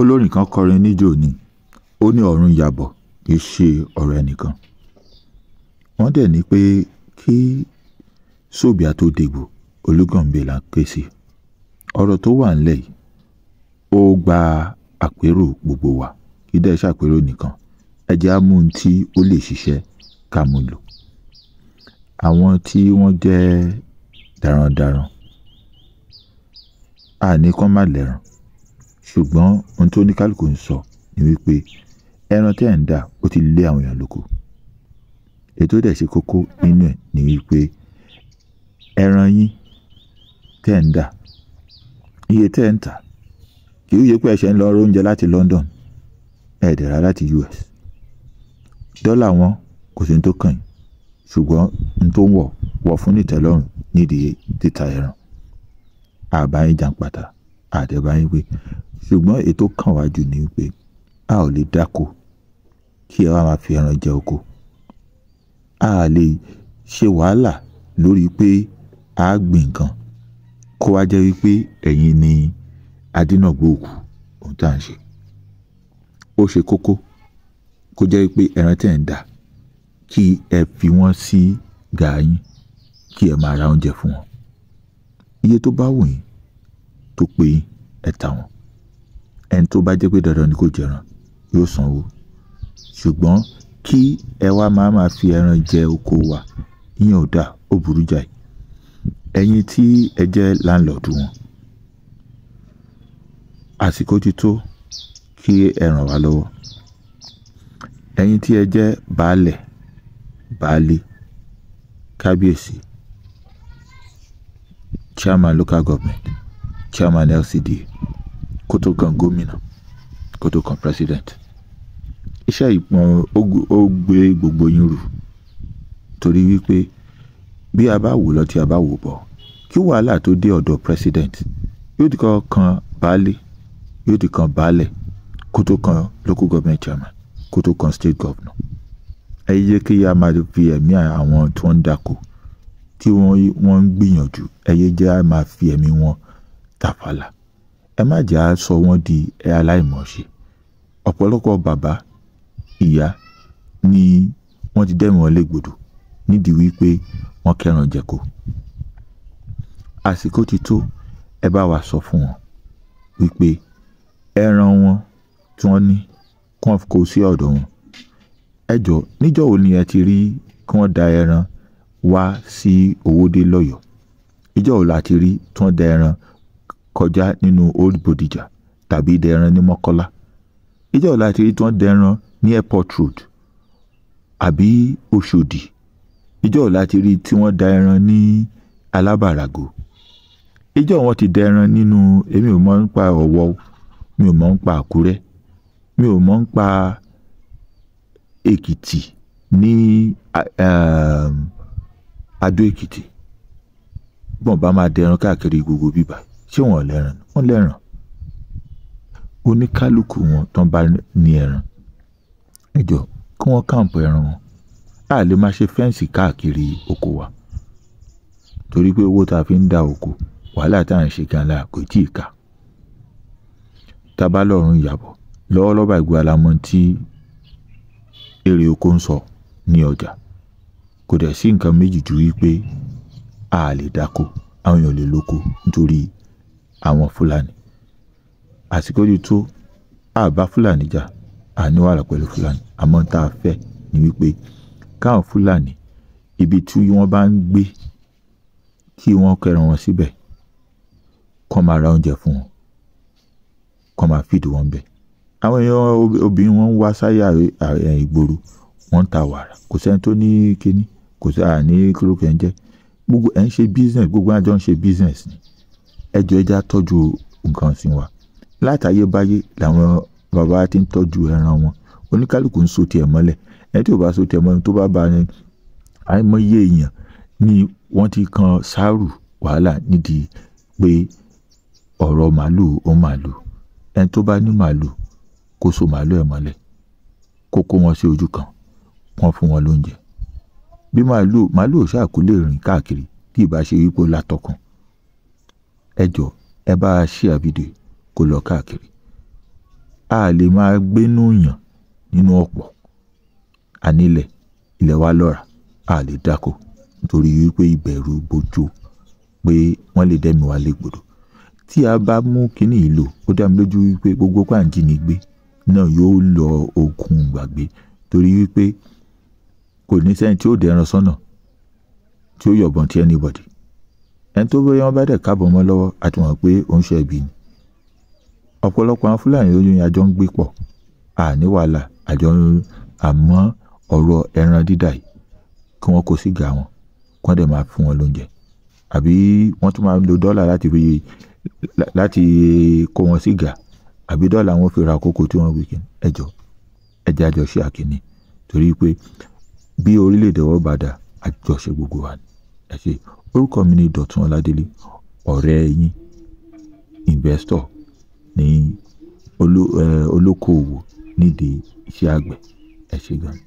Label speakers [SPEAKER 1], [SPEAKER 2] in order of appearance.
[SPEAKER 1] olórin kan kọrin níjó ni ó ní ọ̀run yàbọ̀ kì í ṣe ọ̀rọ̀ ẹnìkan wọ́n dẹ̀ ní pé kí sóbìà tó dègbò olúgànbè là ń ké sí ọ̀rọ̀ tó wà ńlẹ̀ yìí ó gba àpérò gbogbo wa kì í dẹ̀ ṣàpérò nìkan ẹ jẹ́ á mú un tí ó lè ṣiṣẹ́ ká mú lò àwọn tí wọ́n jẹ́ darandaran àní má lẹ́ràn ṣùgbọ́n ohun tó ní kálukú ń sọ ni wípé ẹran tẹ́ ẹ̀ ń dà ó ti lé àwọn èèyàn lóko ètò dẹ̀ ṣe kókó nínú ẹ̀ ni wípé ẹran yín tẹ́ ẹ̀ ń dà iye tẹ́ ẹ̀ ń tà kì í yẹ pé ẹ̀ṣẹ̀ ń lọ oúnjẹ láti London ẹ̀ẹ́dẹ̀rà láti US dọ́là wọn kò sí ní tó kàn yín ṣùgbọ́n n tó ń wọ̀ wọ̀ fún ìtẹ́lọ́rùn nídìí títa ẹran àbáyé jàǹpátá àdẹ́báyé pé ṣùgbọ́n ètò kàn wá jù ní pé a ò lè dáko kí ẹ wá máa fi ẹran jẹ oko a lè ṣe wàhálà lórí pé a gbìn nǹkan kó wá jẹ́ wípé ẹ̀yin ni adínàgbòòkú ohun tá à ń ṣe ó ṣe kókó kó jẹ́ pé ẹran tẹ̀ ń dà kí ẹ fi wọ́n sí gàáyín kí ẹ máa ra oúnjẹ fún wọn iye tó bá wù yín tó pé ẹ̀ta wọn ẹni tó bá jẹ́ pé dandan ni kò jẹran yóò sanwó ṣùgbọ́n kí ẹ wá máa máa fi ẹran jẹ oko wa ìyẹn ò dáa ó burú jáì ẹ̀yin tí ẹ jẹ́ láńlọ́ọ̀dù wọn àsìkò ti tó kí ẹ ràn wá lọ́wọ́ ẹ̀yin tí ẹ jẹ́ baálẹ̀ baálé kábíyèsí chairman local government chairman LCD kó tó kan gómìnà kó tó kan president iṣẹ́ ìpọn ó gbé gbogbo yín rù torí wípé bí a bá wò lọ tí a bá wò bọ̀ kí wàhálà tó dé ọ̀dọ̀ president yóò ti kọ́ kan baálé yóò ti kan baálẹ̀ kó kan local government chairman kó tó kan state governor ẹ yẹ kí a máa fi ẹ̀mí àwọn tó ń dako tí wọ́n ń gbìyànjú ẹ jẹ́ a máa fi ẹ̀mí wọn tàfàlà ẹ má jẹ́ á sọ wọ́n di aláìmọ̀ọ́ṣe ọ̀pọ̀lọpọ̀ bàbá ìyá ni wọ́n ti dẹ́mi wọn légbodò nídìí wípé wọ́n kẹran jẹ̀kọ àsìkò ti tó ẹ bá wa sọ fún wọn wípé ẹran wọn tí wọ́n ní kí wọ́n kó sí ọ̀dọ̀ wọn ẹ jọ níjọ́ wo ni ẹ ti rí kí wọ́n da ẹran wá sí Owódé lọ́yọ̀ọ́ ìjọ́ wo la ti rí tí wọ́n da ẹran kọjá nínú old Bodija tàbí dẹran ní Mọ́kọ́lá ìjọ ọ̀la àti èyí tí wọ́n dẹran ní airport road àbí Òṣòdì ìjọ ọ̀la àti èyí tí wọ́n da ẹran ní Alábàrágò ìjọ wọn ti dẹran nínú èmi ò mọ̀ nípa Ọ̀wọ̀ mi ò mọ̀ nípa Àkúrẹ́ mi ò mọ̀ nípa Èkìtì ní ehm, Adó Èkìtì bọ́n bá máa dẹran káàkiri gbogbo bíbá ṣé wọn lẹ́ràn wọn lẹ́ràn oníkálukú wọn tán bá ní ẹran ẹjọ kí wọn kàǹpù ẹran wọn a lè máa ṣe fẹ́ǹsì káàkiri oko wa torí pé owó tá a fi ń da oko wàhálà tá à ń ṣe gan la kò tí ì kà tábà lọ́rùn ìyàbọ̀ lọ́wọ́lọ́wọ́ ìgbé alamọ tí èrè oko ń sọ ní ọjà kò dẹ̀ sí nǹkan méjì ju wípé a lè dako, àwọn èèyàn lè lóko nítorí àwọn Fúlàní àsìkò yìí tó a bá Fúlàní jà a pẹ̀lú Fúlàní àmọ́ tá a fẹ́ ni wípé káwọn Fúlàní ibi tí wọ́n bá ń gbé kí wọ́n kẹran wọn síbẹ̀ kọ́ máa ra oúnjẹ fún wọn kọ́ máa fìdí wọn bẹ̀ àwọn èèyàn obìnrin wọn ń wá sáyà ìgboro wọ́n ń ta wàrà kò sẹ́ni tó ní kíní kò sí àní kílókè ń gbogbo ẹ̀ ń ṣe business gbogbo àjọ ń ṣe business ni ẹjọ́ ẹja tọ́jú nǹkan ọ̀sìn wa látayébáyé làwọn bàbá ti ń tọ́jú ẹran wọn oníkálukú ń so tiẹ̀ mọ́lẹ̀ ẹni tí ò bá so tiẹ̀ mọ́lẹ̀ tó bá ba ni àìmọye èèyàn ni wọ́n ti kan sáàrù wàhálà nídìí pé ọ̀rọ̀ màálùú ó màálùú ẹni tó bá ní màálùú kó so màálùú ẹ̀ mọ́lẹ̀ kó kó wọn sí ojú kan wọ́n fún wọn lóúnjẹ bí màálùú màálùú ò rìn káàkiri bí ìbá ṣe wípé látọkùn ẹ jọ ẹ bá a ṣí àbídè kó lọ káàkiri a lè máa gbénú yàn nínú ọ̀pọ̀ ànílẹ̀ ilẹ̀ wa lọ́ra a lè dáko nítorí wípé ìbẹ̀rù bojo pé wọ́n lè dẹ́mi wa légbodò tí a bá mú kínní yìí lò ó dá mi lójú wípé gbogbo pàǹjì ni gbé náà yóò lọ ogun gbàgbé torí wípé kò ní sẹ́yìn tí ó dẹran sọ́nà tí ó yọ̀bọ̀n ti anybody ẹni tó bóyá wọn bá dẹ̀ káàbọ̀ mọ́ lọ́wọ́ àti wọn pé ó ń ṣẹ̀bi ni ọ̀pọ̀lọpọ̀ àwọn fúlàní olóyún àjọ ń gbé pọ̀ àní wàhálà àjọ ń àmọ́ ọ̀rọ̀ ẹran dídà yìí kí wọ́n kó sígà wọn kí wọ́n dẹ̀ máa fún wọn lóúnjẹ àbí wọ́n tún máa lo dọ́là láti fi láti kó wọn sígà àbí dọ́là wọn fi ra àkókò tí wọ́n wí ẹjọ́ ẹjẹ́ àjọṣe àkíní torí pé bí orílẹ̀-èdè wọn bá dà àjọṣe gbogbo wa ẹ ṣe orúkọ mi ni Dọ̀tun Ọládélé ọ̀rẹ́ yín investor ní eh, olókoòwò nídìí iṣẹ́ àgbẹ̀ ẹ ṣé gan